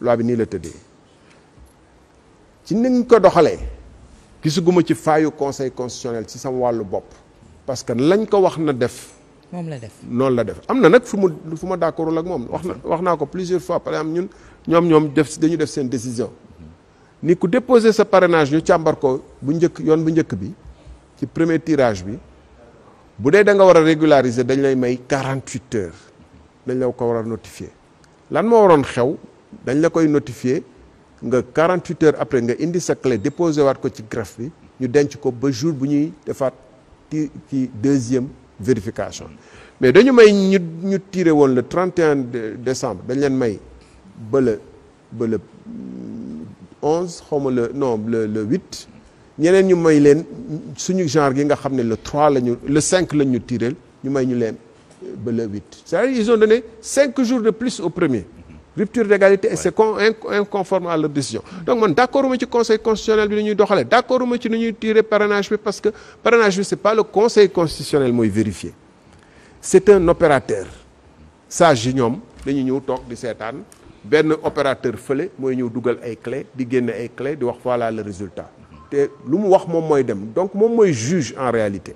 loi bi nii la tëddee ci ni ñu ko doxalee gisuguma ci faayu conseil constitutionnel ci sama wàllu bopp parce que lañ ko wax na def. moom la def noonu la def am na nag fu mu fu ma d'accordul ak moom wax na wax naa ko plusieurs fois par exemple ñun ñoom ñoom def dañu def seen décision ni ku déposer sa parrainage ñu càmbarko bu njëkk yoon bu njëkk bi ci premier tirage bi bu dee da nga war a régulariser dañ lay may 48 heures dañ la ko war a notifier lan moo waroon xew dañ la koy notifier nga 48 heures après nga indi sa clé déposé waat ko ci greffe bi ñu denc ko ba jour bu ñuy defaat ti ci deuxième vérification mais dañu may ñu ñu tiré woon le de décembre dañ leen may ba le ba le 11 xaw ma le non le le 8 ñeneen ñu may leen suñu genre gi nga xam ne le 3 la ñu le 5 la ñu tiré ñu may ñu leen ba le 8 c'est-à-dire ils ont donné 5 de plus au premier. rupture d'égalité et c'est inconforme à leur décision donc man d'accord uma ci conseil constitutionnel bi ni ñuy doxalee d'accord uma ci ni ñuy tirer parrainage bi parce que parrainage bi c'est pas le conseil constitutionnel mooy vérifier c'est un opérateur sage yi ñoom dañu ñëw toog di seetaan benn opérateur fële mooy ñëw dugal ay clé di génne ay clé di wax voilà le résultat te lu mu wax moom mooy dem donc moom mooy juge en réalité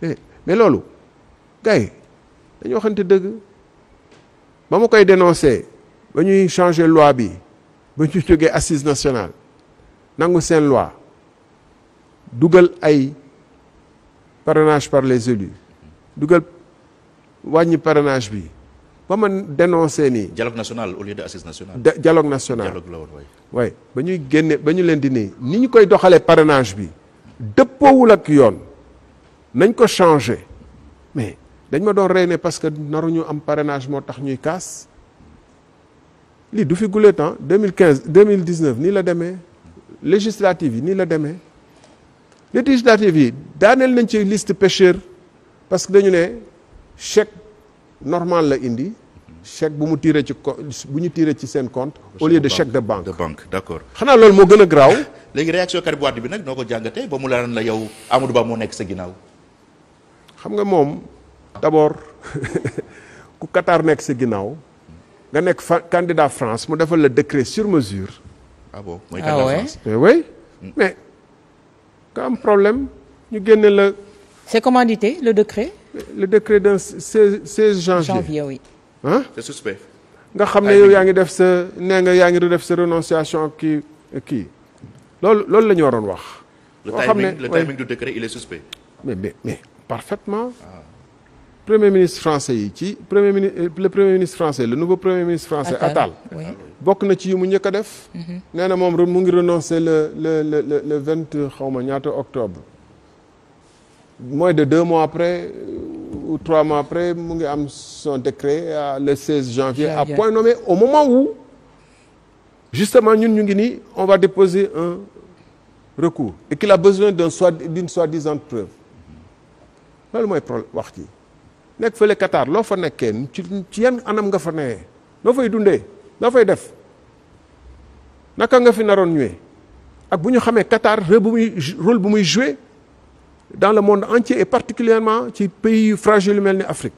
mais loolu gars yi dañu waxante dëgg ba ma koy dénoncer ba ñuy changer loi bi ba ñu jógee assise national nangu seen loi dugal ay parrainage par les élus dugal wàññi parenage bi ba ma dénoncé nii. dialogue national au lieu de assise nationale. de dialogue national dialogue la woon waay. waay ba ñuy génne ba ñu leen di nii ni ñu koy doxalee parenage bi dëppoowul ak yoon nañ ko changé mais dañ ma doon rey ne parce que naruñu am parenage moo tax ñuy kaas. lii du fi gulee temps 2015 2019 nii la demee législative yi nii la demee législative yi daaneel nañ ci liste pêcheur parce que dañu ne chèque normal la indi chèque bu mu tiré ci bu ñu tiré ci seen compte au lieu de chèque de banque de banque d'accord xanaa lool moo gën a graaw léegi réaction Karim Wade bi nag noo ko jàngatee ba mu la la yow Amadou Ba moo nekk sa ginnaaw xam nga moom d'abord ku Qatar nekk sa ginnaaw nga nekk candidat France mu defal la décret sur mesure. ah bon ah eh hmm. mais nga am problème ñu génne la. c'est commandité le décret. le décret d'un se 16 janvier janvier oui. ah c'est nga xam ne yow yaa ngi def sa nee nga yaa ngi def sa renonciation kii kii loolu loolu la ñu waroon wax. loo xam ne le timing le timing mais mais parfaitement. Ah. premier ministre français yi ci premier ministre euh, le premier ministre français le nouveau premier ministre français Attal bokk na ci yi mu njëkk def mhm. nee na moom mu ngi renoncer le le le le vingt xaw ma ñaata octobre mois de deux mois après euh, ou trois mois après mu ngi am son décret euh, le 16 janvier à point nommé au moment où justement ñun ñu ngi nii on va déposer un recours et qu'il a besoin d'un soi d'une soi-disant preuve loolu mooy problème wax ci nekk fële Qatar loo fa nekkee ci ci yan anam nga fa newee loo fay dundee loo fay def naka nga fi naroon ñëwee ak bu ñu xamee Qatar rôle bu muy rôle bu muy joué dans le monde entier et particulièrement ci pays yu fragile mel ni Afrique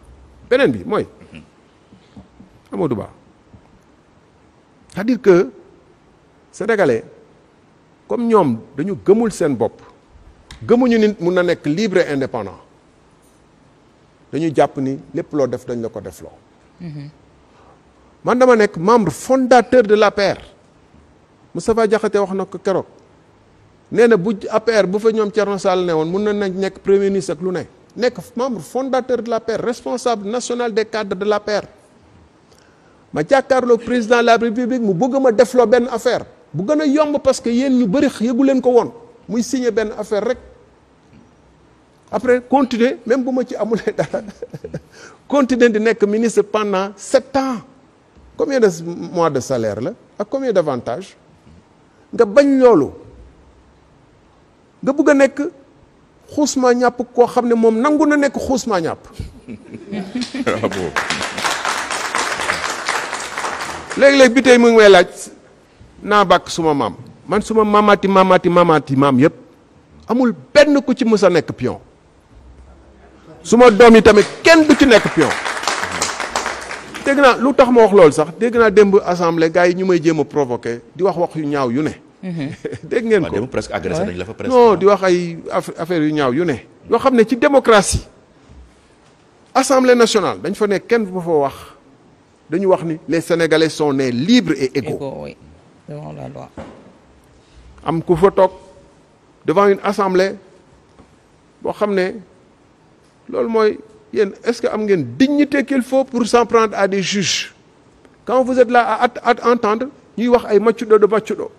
beneen bi mooy Amadou Ba cest à que sénégalais comme ñoom dañu gëmul seen bopp gëmuñu nit mun na nekk libre indépendant dañuy jàpp ni lépp loo def dañ la ko def loo mhm. man dama nekk membre fondateur de la l'APR Moustapha Diakhaté wax na ko keroog nee na bu APR bu fa ñoom Thierno Sall ne woon mun na nañ nekk premier ministre ak lu ne nekk membre fondateur de la l'APR responsable national des cadres de l'APR ma jàkkaarloog président la république mu bëgg ma defloo benn affaire bu gën a yomb parce que yéen ñu bëri yëgu leen ko woon muy signé benn affaire rek après continuer même bu ma ci amulee dara continuer di nekk ministre pendant sept ans combien de mois de salaire la ak combien d'avantages nga bañ loolu nga bëgg a nekk xuusmaa koo xam ne moom nangu na nekk xuusmaa ñàpp ah léegi-léegi bi tey may laaj naa bàkk suma maam man suma maamaati maamaati maamaati maam yépp amul benn ku ci mës a nekk pion suma doom yi tamit kenn du ci nekk pion dégg naa lu tax ma wax loolu sax dégg naa démb assemblée gars yi ñu may jéem a provoqué di wax wax yu ñaaw yu ne. Mm-hmm. dégg ngeen ko presque agressé nañ la fa presque non di wax ay affaire yu ñaaw yu ne. yoo xam ne ci démocratie assemblée nationale dañ fa nekk kenn bu fa wax dañu wax ni les sénégalais sont nés libres et égaux. égaux oui am ku fa toog devant une assemblée boo xam ne. loolu mooy yéen est-ce que am ngeen dignité qu'il faut pour s'en prendre à des juges quand vous at là à à entendre ñuy wax ay maccudo de maccudo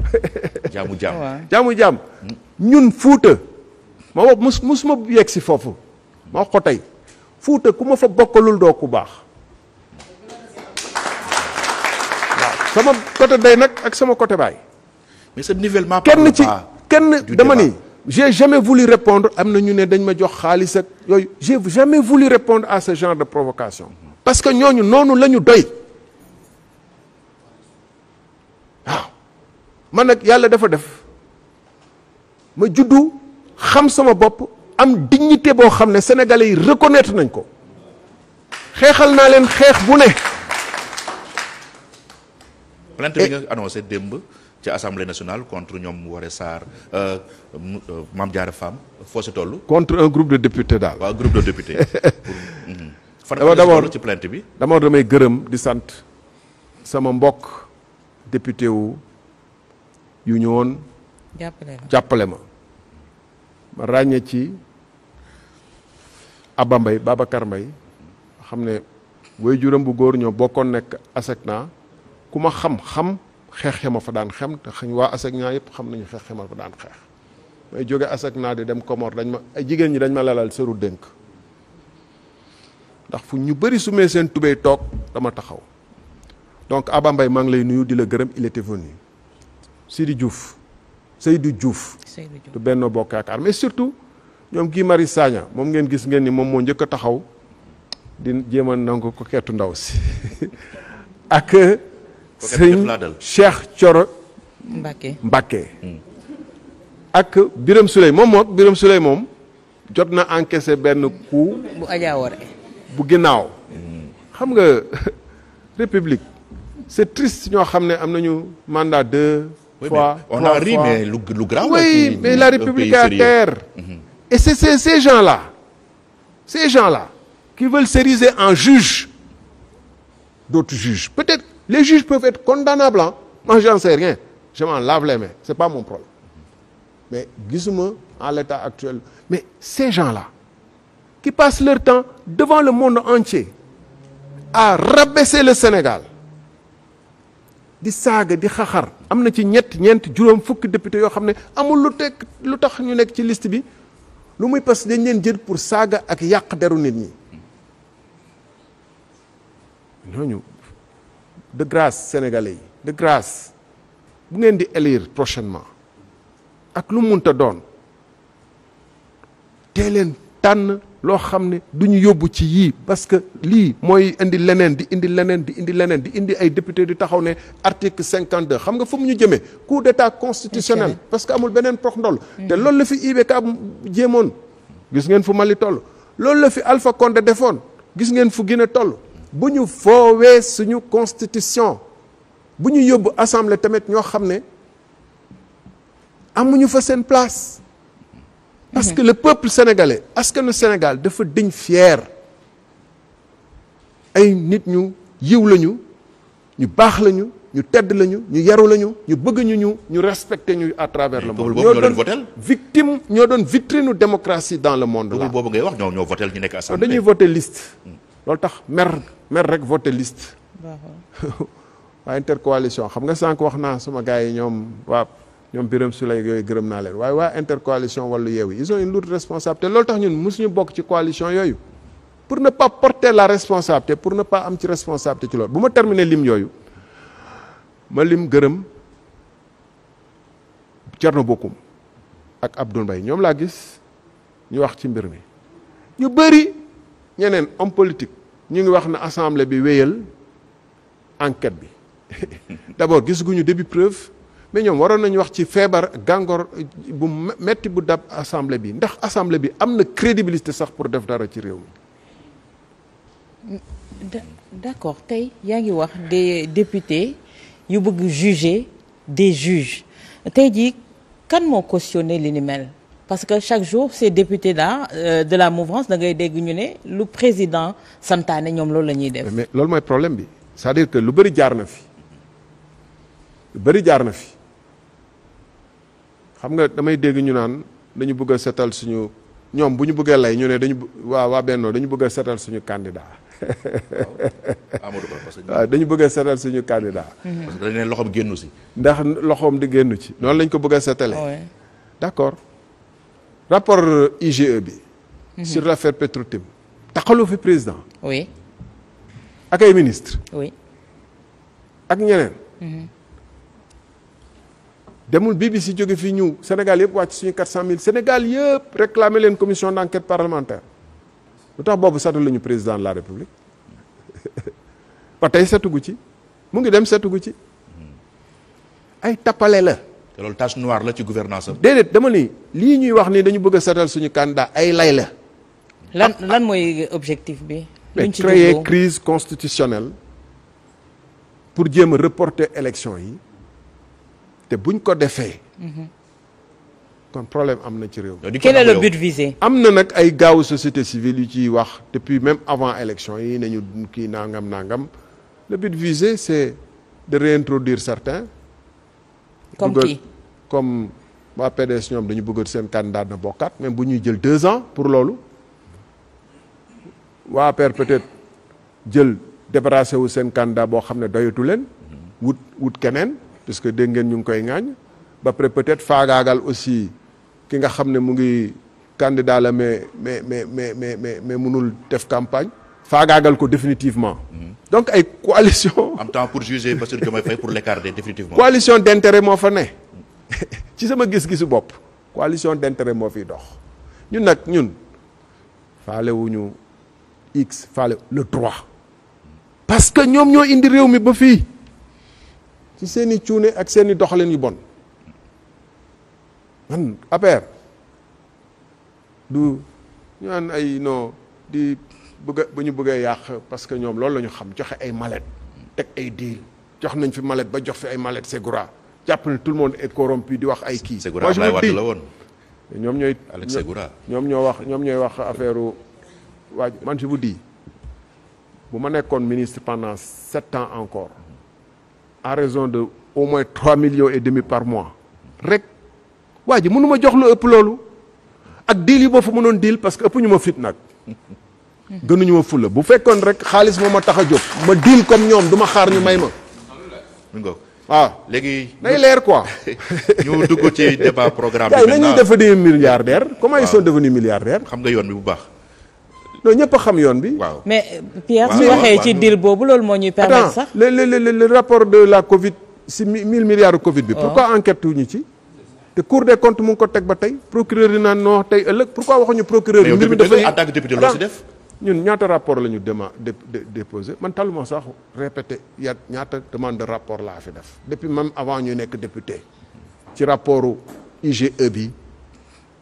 jaamu jaam jaamu jaam ñun fuuta ma wax mus mus ma yegg si foofu ma wax fuuta ku ma fa bokkalul doo ku baax sama côté day nag ak sama côté baay mais ce nivellement kenn ci kenn dama ni j'ai jamais voulu répondre am na ñu ne dañ ma jox xaalis yooyu j'ai jamais voulu répondre à ce genre de provocation parce que ñooñu noonu la ñu doy waaw man nag yàlla dafa def ma juddu xam sama bopp am dignité boo xam ne sénégalais yi reconnaître nañ ko xeexal naa leen xeex bu ne plainte eh. bi nga annoncé démb ci assemblée nationale contre ñoom Woré Sarr euh, euh, Mame Diarra Fam foo si toll. contre un groupe de députés daal. waaw mm-hmm. ci plainte bi d'abord damay gërëm di sant sama mbokk député wu yu ñëwoon. jàppale ma jàppale ma. ma ràññee ci Abba Mbaye Babacar xam ne way juróom bu góor ñoo bokkoon nekk ASECNA. ku ma xam-xam xeex ya ma fa daan xem te xañ waa asak yëpp xam nañu xeex ya ma fa daan xeex may jóge asak naa di dem Komor dañ ma ay jigéen ñi dañ ma lalal sëru dénk ndax fu ñu bëri sumee seen tubéy toog dama taxaw donc Aba Mbaye maa ngi lay nuyu di la gërëm il était venu Sidi Diouf Seydou Diouf du Benno Bokk Yaakaar mais surtout ñoom Guy mari Sagna moom ngeen gis ngeen ni moom moo njëkk taxaw di jéem a nangu ko xeetu ndaw si sëñ Cheikh coro Mbacké Mbacké hmm. ak Birame Souley moom mook Birame Souley moom jot na encaissé benn coup bu ajaawoore bu ginnaaw hmm. xam nga république c'est triste ñoo xam ne am nañu mandat deux a ri mais lu la république à terre hmm. et c'est ces ces gens là ces gens là qui veulent s'ériger en juge d'autres juges Les juges peuvent être condamnables ah moi j'en sais rien je m'en lave les mains c'est pas mon problème mais gisuma en l'état actuel mais ces gens la qui passent leur temps devant le monde entier à rabaisser le Sénégal di saaga di xaxar am na ci ñett ñeent juróom fukki député yoo xam ne amul lu teg lu tax ñu nekk ci liste bi lu muy parce que dañ leen jël pour saaga ak yàq deru nit ñi ñooñu de grâce sénégalais yi de grâce bu ngeen di élire prochainement ak lu munta doon tee leen tànn loo xam ne du ñu yóbbu ci yii parce que lii mooy indi leneen di indi leneen di indi leneen di indi ay député di taxaw ne article cinquante deux xam nga fu mu ñu jëmee coup d'état constitutionnel parce que amul beneen prox ndoll mm. te loolu la fi IBK jéemoon gis ngeen fu Mali toll loolu la fi Alpha Condé defoon gis ngeen fu Guinée toll bu ñu foowee suñu constitution bu ñu yóbbu assemblée tamit ñoo xam ne amuñu fa seen place parce mm-hmm. que le peuple sénégalais askanu Sénégal dafa diñ fier ay nit ñu yiw lañu ñu baax lañu ñu tedd lañu ñu yaru lañu ñu bëgg ñu ñu ñu respecté ñu à travers le monde ñoo doon victime ñoo doon vitrine démocratie dans le monde la boobu ngay wax ñoo ñoo voté ñu nekk assemblée dañuy voté liste mm. loolu tax mer mer rek voté liste. waa intercoalition xam nga sànq wax naa sama gars yi ñoom waa ñoom su Souleye yooyu gërëm naa leen waaye waa intercoalition wàllu yeewu ils ont une lourde responsabilité loolu tax ñun mosuñu bokk ci coalition yooyu pour ne pas porter la responsabilité pour ne pas am ci responsabilité ci loolu bu ma terminer lim yooyu ma lim gërëm Thierno Bocoum ak Abdoul Mbaye ñoom laa gis ñu wax ci mbir mi ñu bëri ñeneen homme politique. ñu ngi wax na assemblée bi wéyal enquête bi d'abord gisaguñu début preuve mais ñoom waroon nañu wax ci feebar gàngoor bu metti bu dab assemblée bi ndax assemblée bi am na crédibilité sax pour def dara ci réew mi. d'accord tey yaa ngi wax de députés yu bëgg juger des juges tey jii kan moo cautionné li ni mel. parce que chaque jour ces députés là euh, de la mouvance da ngay dégg ñu ne lu président santaane ñoom loolu lañuy def. mais loolu mooy problème bi sa à dire que lu bëri jaar na fi lu bëri jaar na fi xam nga damay dégg ñu naan dañu bëgg setal suñu ñoom bu ñu bëggee lay ñu dañu dañu waa waa Benno dañu bëgg setal suñu candidat. Amadou Ba dañu bëgg a setal suñu candidat. parce dañu ne loxoom si. ndax loxoom di ci. noonu lañ ko bëgg a setalee. d'accord. rapport euh, IGE bi. Mmh. la l'affaire Petrotim. taxaloo fi président. oui. ak ay ministre oui. ak ñeneen. Mhm. demul BBC jóge fi ñu Sénégal yëpp wàcc suñu mille Sénégal yëpp réclamer leen commission d'enquête parlementaire lu tax boobu setu la président de la République ba tey setugu ci mu ngi dem setugu ci mhm. ay tappale la. te loolu tache noire la ci gouvernance am. déedéet dama ni lii ñuy wax ni dañu bëgg a suñu candidat ay lay la. lan lan mooy objectif bi. luñ ci créer crise constitutionnelle pour jéem a reporter élection yi te buñ ko defee. Mhm. kon problème am na ci réew. quel est le but am na nag ay gaawu société civile yu ciy wax depuis même avant élection yi nañu kii nangam nangam le but visé c'est de réintroduire certains. comme comme waa PDS ñoom dañu bëgg seen candidat na bokkaat même bu ñuy jël deux ans pour loolu waa APR peut-être jël débarrassé wu seen candidat boo xam ne doyatu leen wut wut keneen puisque dégg ngeen ñu ngi koy ŋaañ ba pare peut-être faagaagal aussi ki nga xam ne mu ngi candidat la mais mais mais mais mais mais mais mënul def campagne faagaagal ko définitivement mm-hmm. donc ay coalition en temps pour juger Bassirou Diomaye Faye pour l'écarter définitivement coalition d'intérêt moo fa ne ci sama gis-gisu bopp coalition d'intérêt moo fiy dox ñun nag ñun faalewuñu x faale le droit parce que ñoom ñoo indi réew mi ba fii ci seeni i cuune ak seen i doxalin yu bon man du ñu naan ay non di bëgg bu ñu bëggee yàq parce que ñoom loolu la ñu xam joxe ay mallette teg ay diil jox nañ fi mallette ba jox fi ay mallette c'est jàpp ne tout le monde est corrompu di wax ay kii. moi je me dis ñoom ñooy. Alex Segura ñoom ñoo wax ñoom ñooy wax affaire waa man je vous dis bu ma nekkoon ministre pendant sept ans encore a raison de au moins trois millions et demi par mois rek waa ji mënuma jox lu ëpp loolu ak deal yi ma fa mënoon deal parce que ëpp ñu ma fit nag. gënuñu ma fulla bu fekkoon rek xaalis moo ma tax a jóg ma deal comme ñoom du ma xaar ñu may ma. ah léegi. day leer quoi. ñu dugg ci débat programme bi. nañuy devenir milliardaire. comme ils sont devenus milliardaires. xam nga yoon bi bu baax. non ñëpp a xam yoon bi. waaw mais Pierre su waxee ci deal boobu loolu moo ñuy permettre sax. le le le rapport de la Covid si mille milliards de Covid bi. Oh. pourquoi enquête wu ñu ci. te cour des comptes mu ko teg ba tey procureur yi naan non tey ëllëg pourquoi waxuñu procureur. mbir mi dafay mais yow député en tant que def. ñun ñaata rapport la ñu dema déposé man taluma sax répété ya ñaata demande de rapport laa fi def depuis même avant ñu nekk député ci rapportu IGE bi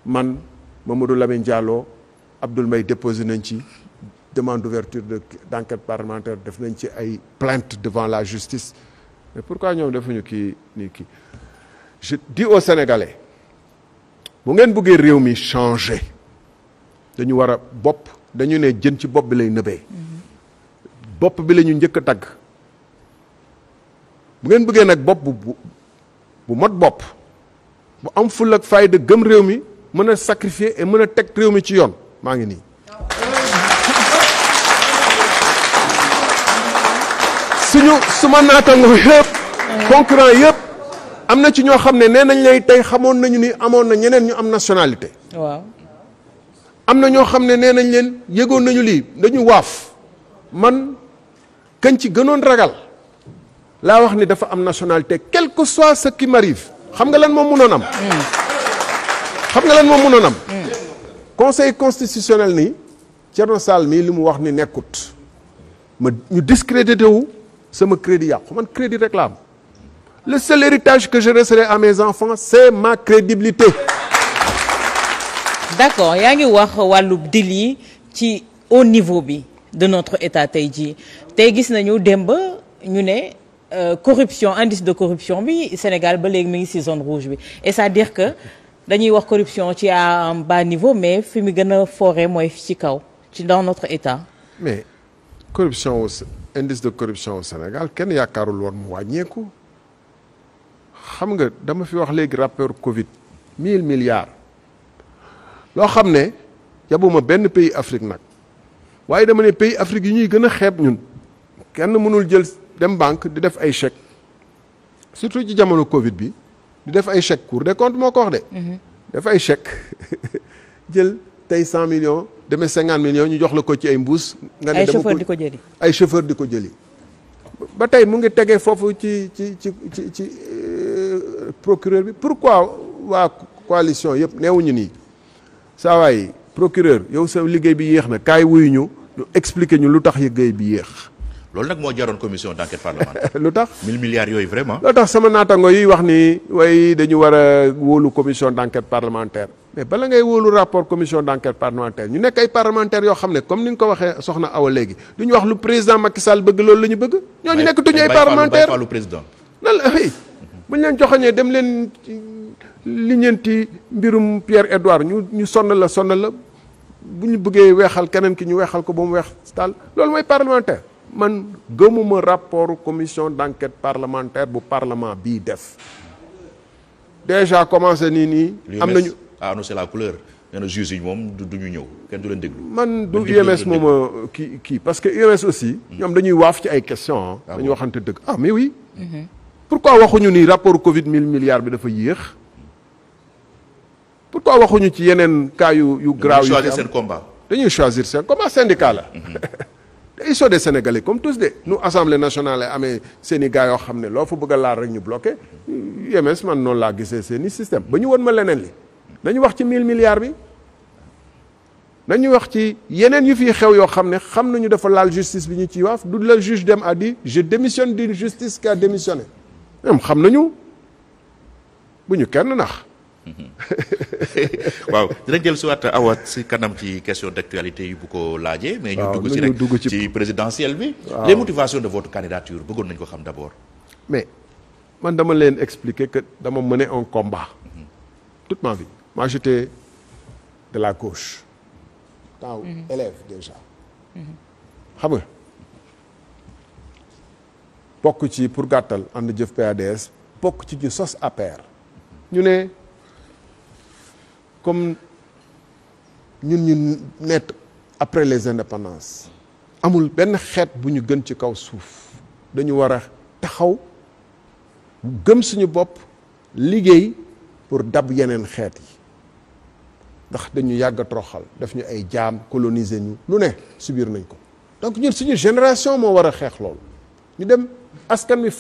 man ma Mamadou Lamine Diallo Abdoul Mbaye déposé nañ ci demande d'ouverture de d'enquête parlementaire def nañ ci ay plainte devant la justice mais pourquoi ñoom defuñu kii nii kii je dis aux Sénégalais bu ngeen bëggee réew mi changer dañu war a bopp dañu ne jën ci bopp bi lay nëbee bopp bi lañu njëkk a tagg bu ngeen bëggee nag bopp bu bu bu mot bopp bu am ful ak fayda gëm réew mi mën a sacrifier et mën a teg réew mi ci yoon maa ngi nii suñu suma naataango yëpp concurrent yëpp am na ci ñoo xam ne nee nañ lay tey xamoon nañu ni amoon na ñeneen ñu am nationalité waaw am na ñoo xam ne nee nañ leen yëgoon nañu lii dañu waaf man kañ ci gënoon ragal laa wax ni dafa am nationalité quel que soit ce qui m'arrive xam nga lan moom mënoon am hmm. xam nga lan moom mënoon am hmm. conseil constitutionnel ni Thierno Sall mii li mu wax ni nekkut ma ñu discrédité wu sama crédit yàqu man crédit réclame le seul héritage que je laisserai à mes enfants c'est ma crédibilité d'accord yaa ngi wax wàllu yi ci au niveau bi de notre état tey jii tey gis nañu démb ñu ne euh, corruption indice de corruption bi Sénégal ba léegi mi ngi si zone rouge bi et c'est-à-dire que dañuy wax corruption ci à un bas niveau mais fi mu gën a foore mooy ci kaw ci dans notre état. mais corruption au de corruption Sénégal kenn yaakaarul woon mu wàññeeku xam nga dama fi wax léegi rapport Covid mille milliards. loo xam ne yabuma benn pays Afrique nag waaye dama ne pays Afrique yi ñuy gën a xeeb ñun kenn mënul jël dem banque di def ay chèque surtout ci jamono Covid bi di def ay chèque Cour des comptes moo ko wax de. Mhm. def ay chèque jël tey cent million demee cinquante millions ñu jox la ko ci ay mbuus. nga ne dama ko ay di ko jëli. ay chauffeur di ko jëli. ba tey mu ngi tegee foofu ci ci ci ci ci euh, procureur bi pourquoi waa coalition yëpp neewuñu nii. saa waay procureur yow sa liggéey bi yéex na kaay wuyu ñu ñu ñu lu tax liggéey bi yéex. loolu nag moo jaroon commission d'enquête parlementaire. lu tax mille milliards yooyu vraiment. tax sama naatango yi wax ni way dañu war a wóolu commission d'enquête parlementaire mais bala ngay wóolu rapport commission d'enquête parlementaire ñu nekk ay parlementaires yoo xam ne comme ni nga ko waxee soxna Awa léegi du ñu wax lu président Macky Sall bëgg loolu la ñu bëgg. ñooñu nekk tuñu ay parlementaires bay bay président. nan mhm. ñu leen joxoñee dem leen. liñeenti mbirum Pierre Edouard ñu ñu sonn la sonn la bu ñu bëggee weexal keneen ki ñu weexal ko ba mu weex taal loolu mooy parlementaire man gëmuma rapport commission d'enquête parlementaire bu parlement bii def déjà commencé nii nii. am nañu a annoncé la couleur. nee na juge yi moom du ñu ñëw kenn du leen man du UMS moom euh, kii kii parce que UMS aussi. Hmm. ñoom dañuy waaf ci ay questions ah. ah dañuy waxante dëgg ah mais oui. Mm -hmm. pourquoi waxuñu ni rapport Covid mille milliards bi dafa yéex. pour pourquoi waxuñu ci yeneen cas yu yu grave yi choisir seen combat dañuy choisir seen combat syndicat la mhm. ils de des sénégalais comme tous de nu assemblée nationale amee seen i gars yoo xam ne loo fa bëgg a laal rek ñu bloqué UMS man noonu laa gisee seen système ba ñu woon ma leneen li nañu wax ci mille milliards bi na nañu wax ci yeneen yu fii xew yoo xam ne xam nañu dafa laal justice bi ñu ci waaf du la juge dem a dit je démissionne d'une justice qui a xam nañu bu kenn nax waaw dinañ jël suwaat awa si kanam ci question d'actualité yi bu ko laajee. mais ñu dugg ci rek ci présidentielle bi. les motivations de votre candidature bëggoon nañ ko xam d'abord. mais man dama leen expliquer que dama mener un combat. Mhm. toute ma vie moi j'étais de la gauche. temps mhm. mhm. xam nga bokk ci pour gàttal ànd jëf PADS bokk ci ñu sos APR ñu ne. comme ñun ñu net après les indépendances amul benn xeet bu ñu gën ci kaw suuf dañu war a taxaw gëm suñu bopp liggéey pour dab yeneen xeet yi ndax dañu yàgg a troxal daf ñu ay jaam coloniser ñu lu ne biir nañ ko donc ñun suñu génération moo war a xeex loolu ñu dem askan wi